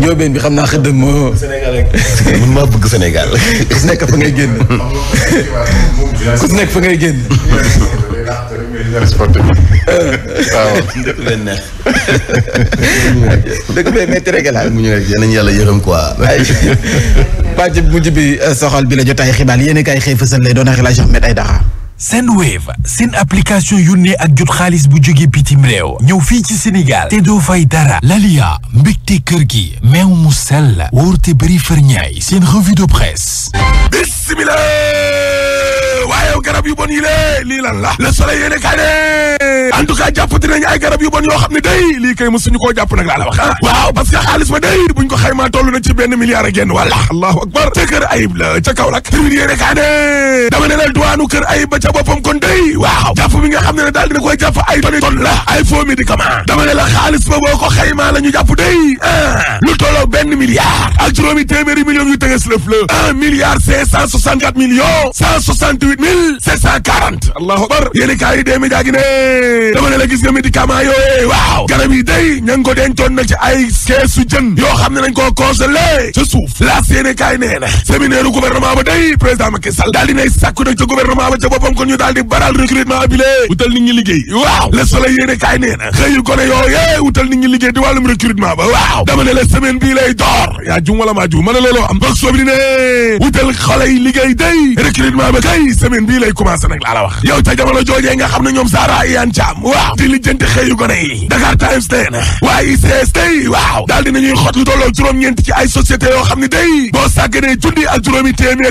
njóobeen bi xam naa xëdd moo. Sénégal maa bëgg Sénégal. ku si nekk fa ngay génn. ku si nekk fa ngay génn. waaw bee métti rek la. mu ñu rek yéen yàlla yërëm quoi. pàcc mujj bi euh, soxal bi la jotaay xibaar yéen a kaay xëy fësal lay doon ak El Hadj Ahmed Aïdara seen Sendwave seen application yónnee ak jot xaalis bu jóge bitim réew ñëw fii ci Sénégal te doo fay dara Lalia mbégte kër gi meew mu sell wóor te bëri ferñaay seen revue de presse bismillah waaye garab yu bon yi lée lii lan la Le Soleil yéene kaane en tout cas jàppati ay garab yu yoo xam ne day lii kay mësuñu koo jàpp nag la wax ah waaw parce que xaalis ba day buñ ko xaymaa toll na ci benn milliard ak genn wàlla allahu akbar ca kër ayib la ca Kaolack termines yéene kaa ne dama ne la duwaanu kër ayib ba ca boppam kon day ay toni ton la ay dama ne la xaalis ba boo ko xaymaa la ñu jàpp day ah lu tolloo benn milliard ak juróomi téeméeri millions yu tëges lëf la un milliard cinq cent soixante quatre dee mi jaagi dama ne la gis nga médicament yooyu waaw garab yi day ña ngi ko dencoon nag ci ay keesu jën yoo xam ne nañ koo congelé ca suuf laas yéene kaay nee na séminaire gouvernement ba day président Macky Sall daal di nay sàkku nag ca gouvernement ba ca boppam kon ñu daal di baral recrutement bi lee wutal nit ñi liggéey waaw le soleil yéene kaay nee na xëyu gone yooyee wutal nit ñi liggéey di wàllum recrutement ba waaw dama ne la semaine bii lay door yaa jum wala maa jum ma ne looloo xale yi liggéey day recrutement ba kay semaine bii lay commencé nag laa la wax yow ca jamono joojee nga xam ne ñoom Zahra Iyane Thiam waaw di lijjanti xëyu gone yi Dakar Times day na waaye ICS day waaw daal dinañuy xot lu tolloo juróom-ñeent ci ay société yoo xam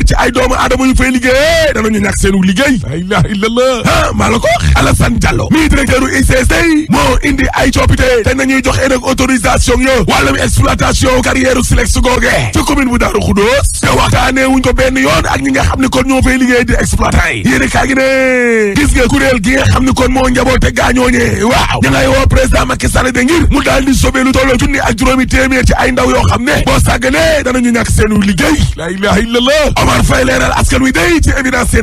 ci ay doomu aadama yu fay liggéey danañu ñàkk seenu liggéey la ilaha illallah ah maa la ko wax mii directeur u ICS day moo indi ay coppite te nañuy joxe nag autorisation yo wàllum benn yoon ak ñi nga xam ni kon ñoo fay liggéey di exploitant yi yéen kaa gi ni kon waaw ña ngay mu daal di sobee lu tolloo junni ak juróomi téeméer ci ay ndaw yoo xam ne boo sàgganee danañu ñàkk seenu liggéey la ilaha illallah Omar Faye leeral askan wi ci évidence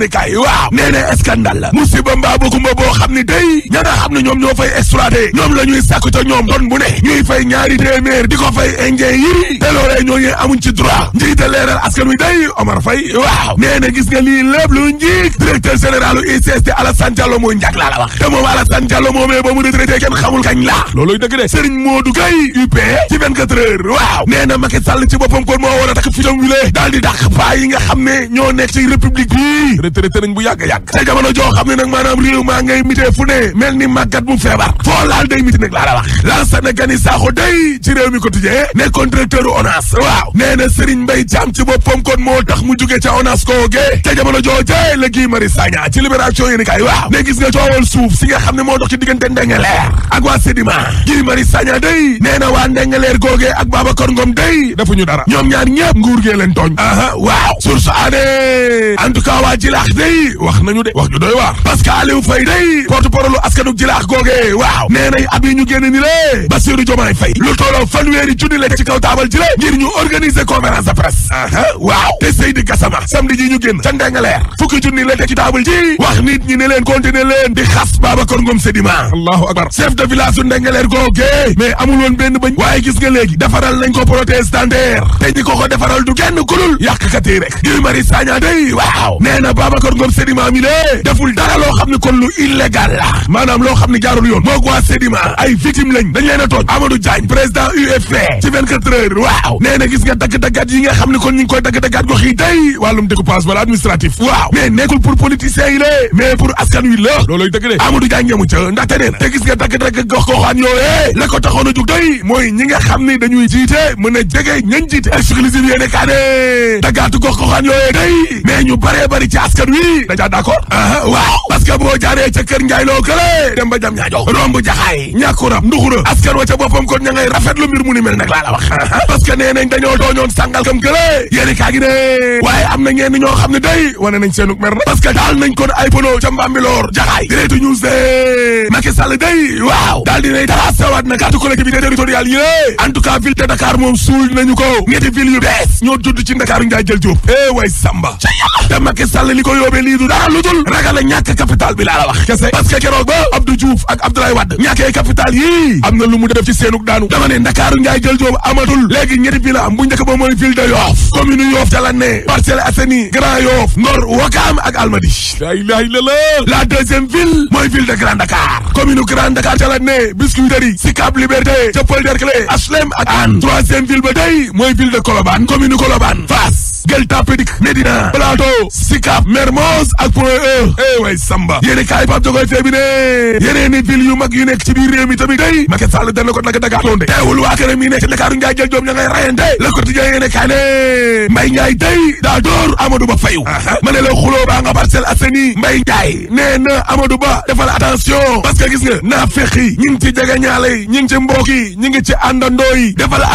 la musiba mbaa bu kumba boo xam ni day ña nga xam ñoom la ñuy sàkk ca ñoom doon bu ne ñuy fay ñaari téeméer di ko fay indien yi te loolee ñooñee amuñ ci droit njiite leeral askan wi Faye waaw nee na gis nga lii lépp lu njiig directeur général u ICS Alassane Diallo moo njag laa la wax te moom Alassane Diallo moomee ba mu retraité kenn xamul kañ la looloy dëgg de Serigne Modou Gueye UP ci 24 heures waaw nee na Macky Sall ci boppam kon moo war a takk fitam wi lee daal di dàq paa yi nga xam ne ñoo nekk ci république bi retraité bu yàgg a yàgg te jamono joo xam ne nag maanaam réew maa ngay mitee fu ne mel ni màggat bu feebar mi quotidien nekkoon directeur u ONAS waaw nee na Serigne Mbaye jugee ca ONASCO ge ca jamono jooje la Guy Marius Sagna ci libération yéen kay waaw ne gis nga coowal suuf si nga xam ne moo dox ci diggante Ndengeleer ak waa Sedima Guy Marius Sagna day nee na waa Ndengeleer googee ak Babacar Ngom day defuñu dara ñoom ñaar ñëpp nguur gee leen tooñ aha waaw source ané en waa Jilaax day wax nañu de wax ju doy waar parce que Aliou Faye day porte-parole askanu Jilaax googee waaw nee na ab ñu génn ni lé Bassirou Diomaye Faye lu Gassama samedi ji ñu génn ca Ndengaleer fukki junni la teg ci ji wax nit ñi ne leen continuer leen di xas Babacar Ngom Sedima allahu akbar chef de village su Ndengaleer googee mais amul woon benn bañ waaye gis nga léegi defaral nañ ko protestantaire te ñi ko ko defaral du kenn kulul yàqkat yi rek Guy Marius Sagna day waaw nee na Babacar Ngom Sedima mi de deful dara loo xam ne kon lu illégal la maanaam loo xam ne jaarul yoon moo ko waa Sedima ay victime leen a tooj na gis ne kon ñu ngi koy dagg-daggaat day wàllum découpage wala administratif waaw mais nekkul pour politiciens yi lée mais pour askan wi la looloy dëgg de Amadou Dia ngemu ca a jiite mën a jege ñañ jiite exclusive yéene kaa ne daggaatu gox goxaan yooyee day mais ñu baree bari ci askan wi dajaa d'accord a waaw parce que boo jaaree ca loo kële dem ba jam ñaajow romb jaxaay ñàkkuram nduxura askan wa ca boppam kon ña ngay rafetlu mbir mu ni mel nag laa wax parce que nee nañ dooñoon sàngal kam kële waaye am na ñenn ñoo xam ne day wane nañ seenuk mer parce que daal nañ kon ay pono ca Mbambilor jaxaay direetu news de Macky Sall day waaw daal dinay tarasawaat na carte collectivité territoriale yi lée en tout cas ville de Dakar moom suul nañu ko ñetti ville yu bees ñoo judd ci Ndakaaru njaay jël jóob eh way samba ca yàlla te Macky li ko yóobee lii du lu dul ragal a ñàkk capital bi la wax kese parce keroog ba Abdou Diouf ak Abdoulaye Wade ñàkkee capital yii am na lu mu def ci seenuk daanu dama ne Ndakaaru njaay jël jóob amatul léegi ñetti ville Parcelles Assainies Grand Yoff Ngor Ouakam ak Almadies la ilaha illallah de Grand Dakar commune Grand Dakar ca la ne Biscuiterie Liberté Dieuppeul Derklé HLM ak Hann troisième ville ba de Colobane Gueule Tapée Dik Médina Plateau Sicap Mermoz ak Point E eh way Samba yéen kaay Pape Jogoy tee ne yeneen ni ville yu mag yu nekk ci biir réew mi tamit day Macky Sall dana ko naka dagaatoon de teewul waa këram yi nekk ci Dakar Ndiaye jël joom ña ngay rayante Le Quotidien yéen kaay ne Mbaye day daa door Amadou Ba fayu ma ne la xuloo nga Parcelles Assainies Mbaye Ndiaye nee na Amadou Ba defal attention parce que gis nga naa fekki ñi ngi ci jegeñaale yi ñi ngi ci mbokk yi ñi ngi ci àndandoo yi defal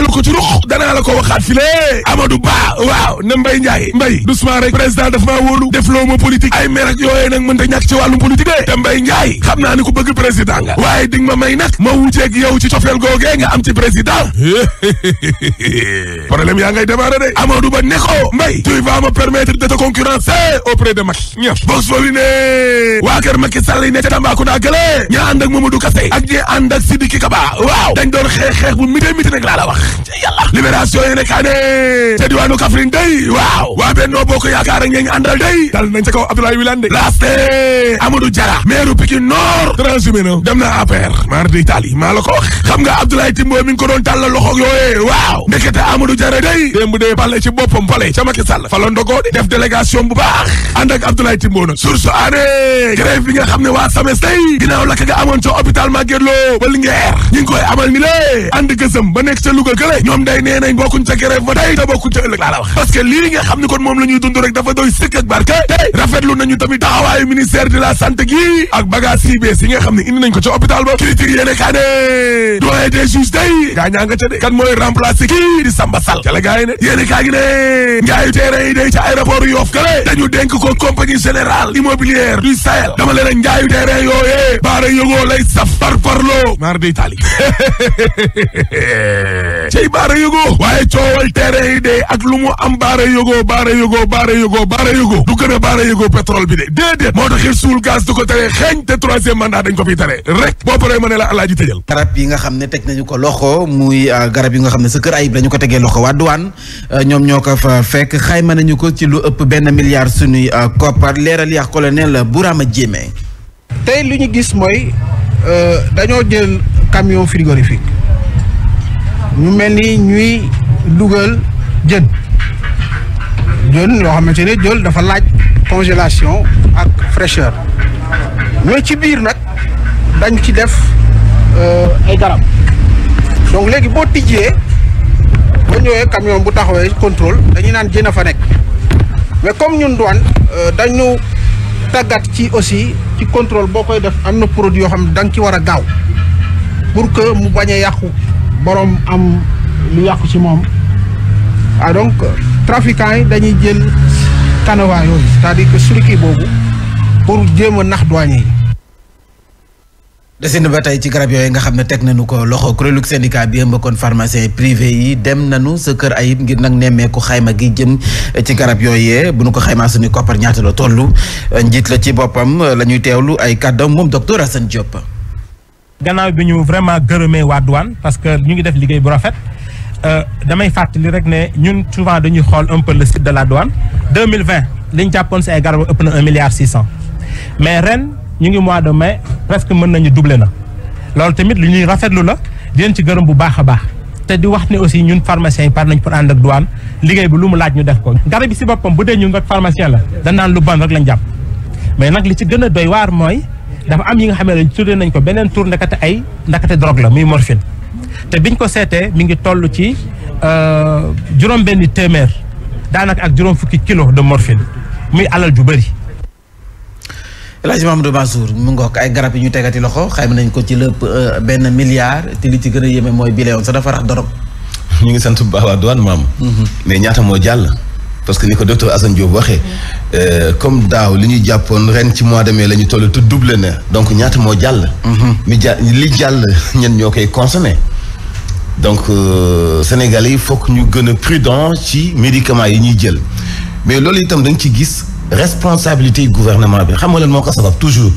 la ko ci ruq danaa la ko waxaat fi lee Amadou Ba waaw na Mbaye Ndiaye Mbaye doucement rek président daf maa wóolu def loo ma ay mer ak nag mën ta ci wàllum politique de te Mbaye Ndiaye xam naa ni ku bëgg président nga waaye di ma may nag ma wuuteeg yow ci cofeel googee nga am ci président problème yaa ngay démarré de Amadou Ba ne ko Mbaye tu ma me de te concurrencer auprès de Macky ña box foofu ne waa kër Macky Sall yi ne ca Tambacounda gële ña ànd ak Mamadou Kassé ak ñi ànd ak Sidiki Kaba waaw dañ doon xeex xeex bu mité mité nag laa la wax yàlla libération yéene kaa ne ca diwaanu Kaffrine day waaw waa Benno Bokk Yaakaar a ñi ñu àndal day dal nañ ca kaw Abdoulaye Wilane de laaste Amadou Diarra maire Pikine Nord transhumé dem na APR maar di Italie maa la ko wax xam nga Abdoulaye Timbo mi ngi ko doon tàllal loxo yooyee waaw ndekete Amadou Diarra day démb dee pale ci boppam fale ca Macky Sall fa la ndogoo di def délégation bu baax ànd ak Abdoulaye Timbo na source aane grève bi nga xam ne waa SAMES day ginnaaw tuumal kële ñoom day nee nañ bokkuñ ca grève ba tey te bokkuñ ca ëllëg laa la wax parce que lii xam ni kon moom la ñuy dund dafa doy sëkk ak barke tey rafetlu nañu tamit taxawaayu ministère de la santé gi ak bagage yi bees yi nga xam ne indi nañ ko ca hôpital ba critique yéene kaa ne doyen des day gaa ñaa ca de kan mooy remplacer di Samba Sall ca la gaa yi ne yéene ngaayu terrain yi day ca aéroport Yoff lay saf par parloo cey baara yógoo waaye coowal terrain yi de ak lu mu am baara yógoo baara yógoo baara yógoo baara du gën a baara yógoo pétrole bi de déedéet moo taxit suul gaz du ko tere xeeñ te troisième mandat dañ ko fiy tere rek boo paree ma ne la alaaji tëjal garab yi nga xam ne teg nañu ko loxo muy euh, garab yi nga xam ne sa kër ayib la ko tegee loxo waa duwaan euh, ñoom ñoo ko fa fekk xayma nañu ko ci lu ëpp benn milliard suñuy euh, koppar leeral yax colonel Bourama Jéeme tey li ñu gis mooy dañoo jël camion frigorifique ñu mel ni ñuy dugal jën jën yoo xamante ne jël dafa laaj congélation ak fraîcheur mais ci biir nag dañ ci def euh, ay garab donc léegi boo tijjee ba ñëwee camion bu taxawee control dañuy naan jën a fa nekk mais comme ñun douane euh, dañu tàggat ci aussi ci contrôle boo koy def am na produit yoo xam ne da nga ci war a gaaw pour que mu bañ a yàqu boroom am lu yàqu ci moom ah donc trafiquants yi dañuy jël canevas yooyu c'est-à-dire que suriki boobu pour jéem a nax douanier yi. desine ba tey ci garab yooyu nga xam ne teg na nañu ko loxo kuréelu syndicat bi ëmb kon pharmacien privé yi dem nañu sa kër ayib ngir nag nemmeeku xayma gi jëm ci garab yooyee bu nu ko xaymaa suñu koppar ñaata la toll njiit la ci boppam la ñuy teewlu ay kàddoom moom docteur Assane Diop. gannaaw bi ñu vraiment gërëmee waa douane parce que ñu ngi def liggéey bu rafet euh, damay fàttali rek ne ñun souvent dañuy xool un peu le site de la douane deux mille vingt li ñu jàppoon si ay garab ëpp na un milliard mais ren ñu ngi mois de mais presque mën nañu doubler na loolu tamit lu ñuy rafetlu la di leen ci gërëm bu baax a baax te di wax ni aussi ñun pharmaciens par nañ pour ànd ak douane liggéey bi lu mu laaj ñu def ko garab yi si boppam bu dee ñun rek pharmacien la danaan lu bon rek lañ jàpp mais nag li ci gën a doy waar mooy dafa am yi nga xamee ne tuddee nañ ko beneen tur ndakate ay ndakate drogue la muy morphine te biñ ko seetee mi ngi toll ci euh, juróom benni téeméer daanaka ak juróom fukki kilo de morphine muy alal ju bëri. El Hadj Mamadou Mansour mu ngook ay garab yi ñu tegati loxo xayma nañ ko ci lëpp euh, benn milliard te li ci gën a yéeme mooy bileyoon sa dafa rax dorog. ñu ngi sant bu baax waa douane mhm. ñaata moo jàll. parce que ni ko docteur Assane Diop waxee euh, comme daaw li ñuy jàppoon ren ci mois de mai la ñu toll te na donc ñaata moo jàll. Mhm. li jàll ñen ñoo koy consommé. donc euh, Sénégalais yi foog ñu gën a prudent ci médicaments yi ñuy jël mais loolu itam da ci gis responsabilité gouvernement bi xam nga lan moo ko sabab toujours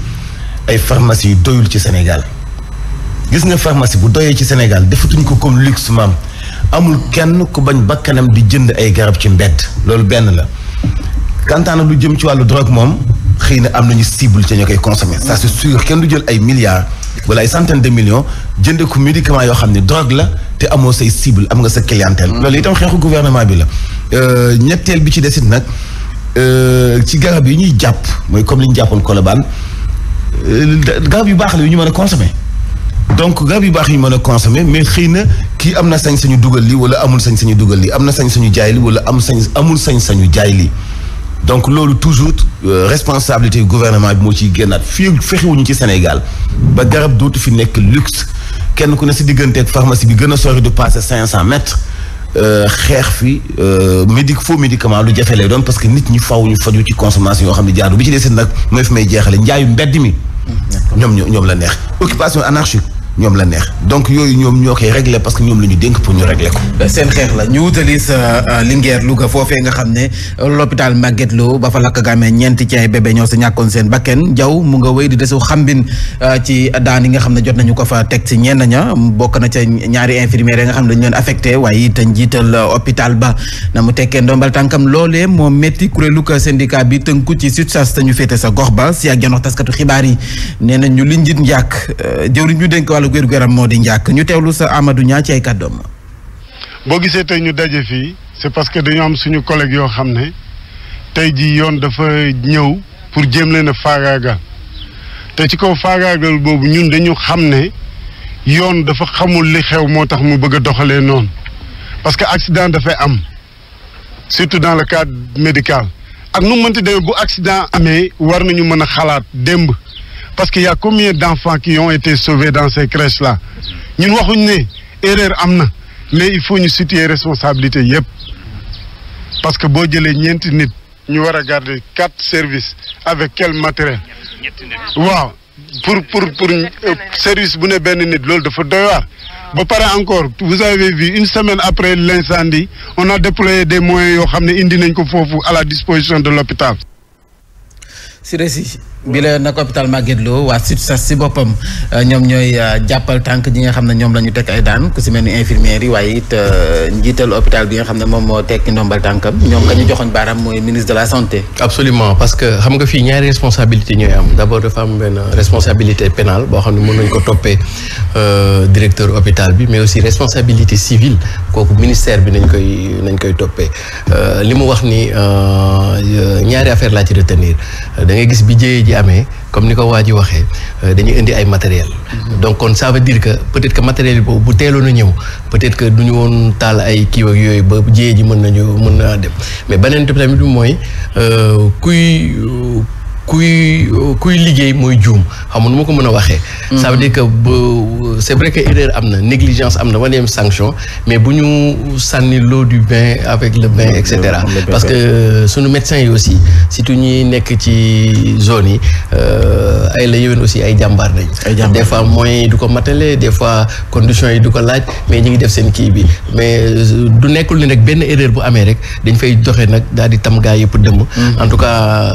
ay pharmacie yu doyul ci Sénégal gis nga pharmacie bu doyee ci Sénégal defatuñ ko comme luxe maam. amul kenn ku bañ bakkanam di jënd ay garab ci mbedd loolu benn la kantaana lu jëm ci wàllu drogue moom xëy na am nañu cible ca ñoo koy consommer ça c'est kenn du jël ay milliards wala ay centaines de millions jënde ko yoo xam ne drogue la te amoo say cible am nga sa clientèle loolu itam xeexu gouvernement bi la euh, ñetteel bi ci desit nag euh, ci garab yi ñuy jàpp mooy comme li ñu jàppoon Colobane euh, garab yu baax la yu ñu mën a consommer donc garab yu baax yi ñu mën a consommer mais xëy na kii am na sañ sañu dugal li wala amul sañ sañu dugal li am na sañ sañu jaay li wala am sañ amul sañ sañu jaay li donc loolu toujours euh, responsabilité gouvernement bi moo ciy génnaat fii fexewuñu ci Sénégal ba garab dootu fi nekk luxe kenn ku ne si digganteeg pharmacie bi gën a sori du passé cinq cent mètres euh, xeex fi euh, médic faux médicament lu jafe lay doon parce que nit ñi faw ñu faju ci consommation yoo xam ne jaadu bi ci des nag mooy fi may jeexale njaayu mbedd mi mm-hmm. ñoom ñoom la neex occupation anarchique ñoom la neex donc yooyu ñoom ñoo koy régler parce que ñoom la dénk pour ñu régler ko. seen xeex la ñu wutali sa euh, Linguère Louga foofee nga xam ne euh, l'hôpital Magatte Lô ba fa lakk ga amee ñeenti ci ay ñoo si ñàkkoon seen bakken jaww mu nga wéy di desu xambin euh, ci daan nga xam ne jot nañu ko fa teg si ñenn ña bokk na ca ñaari infirmières yi nga xam ne dañu leen affecté waaye it njiital hôpital ba na mu tekkee ndombal tànkam loolee moo métti kuréelu bi tënku ci SUTSAS sa gox ba si ak janox taskatu xibaar yi nee na ñu wàllu wér moo di njàkk ñu teewlu sa Amadou Niang ay kàddoom. boo gisee tey ñu daje fii c'est parce que dañoo am suñu collègue yoo xam ne tey jii yoon dafa ñëw pour jéem leen a faagaagal te ci kaw faagaagal boobu ñun dañu xam ne yoon dafa xamul li xew moo tax mu bëgg a doxalee noonu parce que accident dafay am surtout dans le cadre médical ak nu mënti demee bu accident amee war nañu mën a xalaat démb parce que y a combien d'enfants qui ont été sauvés dans ces crèches-là ñun waxuñ ne erreur am na mais il faut ñu situer responsabilité yëpp parce que boo jëlee ñeenti nit ñu war a garder quatre services avec quel matériel waaw pour pour pour service bu ne benn nit loolu dafa doy waar ba pare encore vous avez vu une semaine après l'incendie on a déployé des moyens yoo xam ne indi nañ ko foofu à la disposition de l'hôpital bi la nag hôpital Magatte Lô waa SUTSAS si boppam euh, ñoom ñooy euh, jàppal tànk ñi nga xam ne ñoom la ñu teg ay daan ku si mel ni infirmières yi waaye it euh, njiital hôpital bi nga xam ne moom moo tekki ndombal tànkam ñoom ka ñu joxoon baaraam mooy ministre de la santé. absolument parce que xam nga fii ñaari responsabilité ñooy am d' abord dafa am benn responsabilité pénale boo xam ne mën nañu ko toppee directeur hôpital bi mais aussi responsabilité civile kooku ministère bi nañ koy nañ koy toppee li mu wax ni ñaari affaire laa ci retenir ji amee comme ni ko waa ji waxee euh, indi ay matériel mhm. donc kon ça veut dire que peut-être que matériel boobu bu teeloon a ñëw peut-être que du ñu woon taal ay kii ak yooyu ba jiyee ji mën nañu mën naa dem mais beneen bi tamit mooy euh, kuy. kuy kuy liggéey mooy juum xam nu ma ko mën a waxee. Mm. ça veut dire que ba c' est que erreur am na négligence am na wala yem sanction mais bu ñu sànni l'eau du bin avec le bin et cetera. parce que euh, sunu médecins yi aussi surtout ñi nekk ci zone yi euh, ay la yéwén aussi ay jàmbaar nañ. des fois moyens du ko matale des fois conditions yi du ko laaj mais ñu ngi def seen kii bi mais euh, du nekkul ni rek benn erreur bu amee rek dañ fay doxee nag daal di tam gaa yëpp dëmm. Mm. en tout cas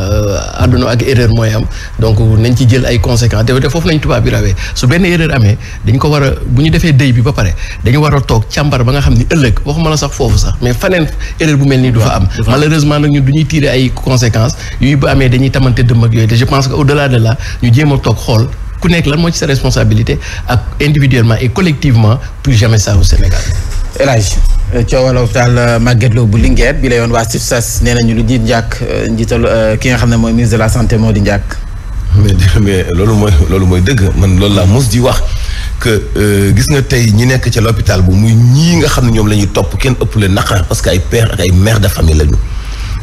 àdduna ak erreur mooy am donc nañ ci jël ay conséquences te foofu lañ tubaab bi rawee su benn erreur amee dañ ko war a bu ñu defee dëy bi ba pare dañu war a toog càmbar ba nga xam ni ëllëg waxuma la sax foofu sax mais faneen erreur bu mel nii du fa am malheureusement nag ñun du ñuy tirer ay conséquences yuy bu amee dañuy tamante dëmm ak yooyu te je pense que au delà de ñu jéem toog xool ku nekk lan moo ci sa responsabilité ak individuellement et collectivement plus jamais ça au Sénégal. El coowal hôpital euh, Magatte Lô bu Linguère bi la yoon waa SUTSAS nee ñu lu jiit njàkk euh, njiital euh, ki nga xam ne mooy ministre de la santé moo di njàkk. mais loolu mooy loolu mooy dëgg man loolu laa mos di wax que gis nga tey ñi nekk ca l'hôpital bu muy ñii nga xam ne ñoom la ñuy topp kenn ëpp leen naqar parce que ay père ak ay mère de famille lañu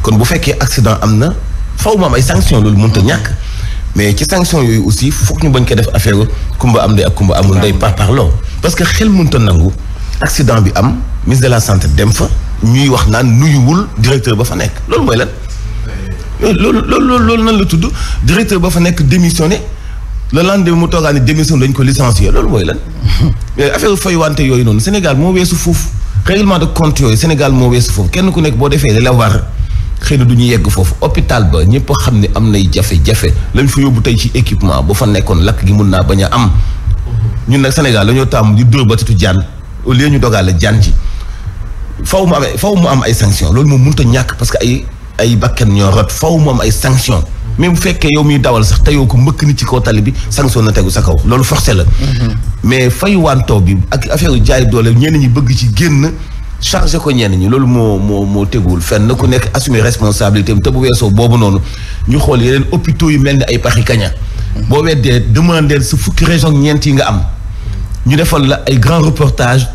kon bu fekkee accident am na faw ma ay sanction loolu mënut ñàkk mais ci sanction yooyu aussi foog ñu bañ ko def affaire kumba am ndey ak kumba amul ndey par parloo parce que xel mënut a accident bi am. ministre de la santé dem fa ñuy wax naan nuyuwul directeur ba fa nekk loolu mooy lan. Eh, loolu loolu loolu nan la tudd directeur ba fa nekk démissionné le lendemain mu toogaan ne démission dañ ko licencier loolu mooy lan. mais affaire fay wante yooyu noonu Sénégal moo weesu foofu règlement de compte yooyu Sénégal moo weesu foofu kenn ku nekk boo defee da la war xëy na du ñu yegg foofu hôpital ba ñëpp xam ne am nay jafe-jafe lañ fa yóbbu tey ci équipement ba fa nekkoon lakk gi mun naa bañ a am. Mhm. ñun nag Sénégal dañoo tàmm di dóor ba titu jaan au lieu ñu dogaale jaan ji. faw mu am faw mu am ay sanction loolu moom mënut a ñàkk parce que ay ay ñoo rot faw mu am ay sanction mais bu fekkee yow miy dawal sax te ko mbëkk nit ci kaw tali bi sanction na tegu sa kaw loolu forcé la mm-hmm. mais fayu wantoo bi ak affaire jaay doole ñenn ñi bëgg ci génn chargé ko ñenn ñi loolu moo moo moo teguwul fenn ku nekk assumer responsabilité te bu weesoo boobu noonu ñu xool yeneen hôpitaux yu mel ni ay paxi kaña boo weddee demandeel sa fukki région ñeent yi nga am ñu defal la ay grand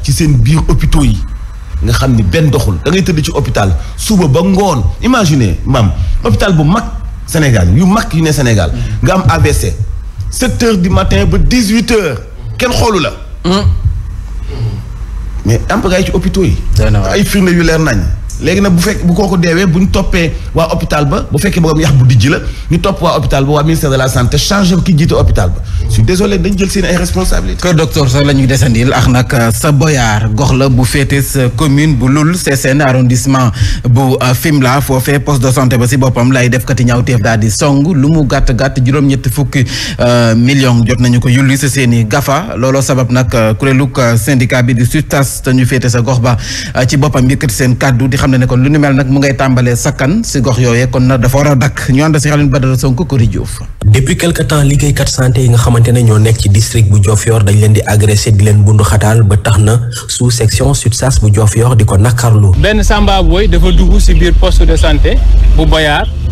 ci seen biir hôpitaux yi nga xam ni benn doxul da ngay tëdd ci hôpital suba ba ngoon imaginez maam hôpital bu mag Sénégal yu mag yu ne Sénégal nga am AVC sept heures du matin ba dix huit heures kenn xoolu la hmm. mais am pagaay ci hôpitaux yi ay firnde yu leer nañ léegi nag bu fekk bu kooku deewee bu ñu toppee waa hôpital ba bu fekkee borom yax bu dijji la ñu topp waa hôpital ba waa ministère de la santé changé ki jiite hôpital ba je suis jël seen ay responsabilités. kër docteur Sow la ñuy desandil ak nag sa boyaar gox la bu féete sa commune bu Loul Sessène arrondissement bu euh, Fimela foofee poste de santé ba si boppam lay def kati ñaawteef daal di song lu mu gàtt gàtt juróom-ñetti fukki euh, million jot nañu ko yulli sa seen i gafa looloo sabab nag euh, kuréelug syndicat bi di SUTAS te ñu sa gox ba ci boppam yëkkati seen kàddu di xam ne ne kon lu ni mel nag mu ngay tàmbalee sakkan si gox yooyee kon na dafa war a dakk ñu ànd si Alioune Badara Sonko Kori Diouf depuis quelque liggéeykat santé yi nga xamante ne ñoo nekk ci district bu Diofior dañ leen di agressé di leen bundu xataal ba tax na sous section SUTSAS bu Diofior di ko nakarlu benn samba booy dafa dugg si biir poste de santé bu Boyar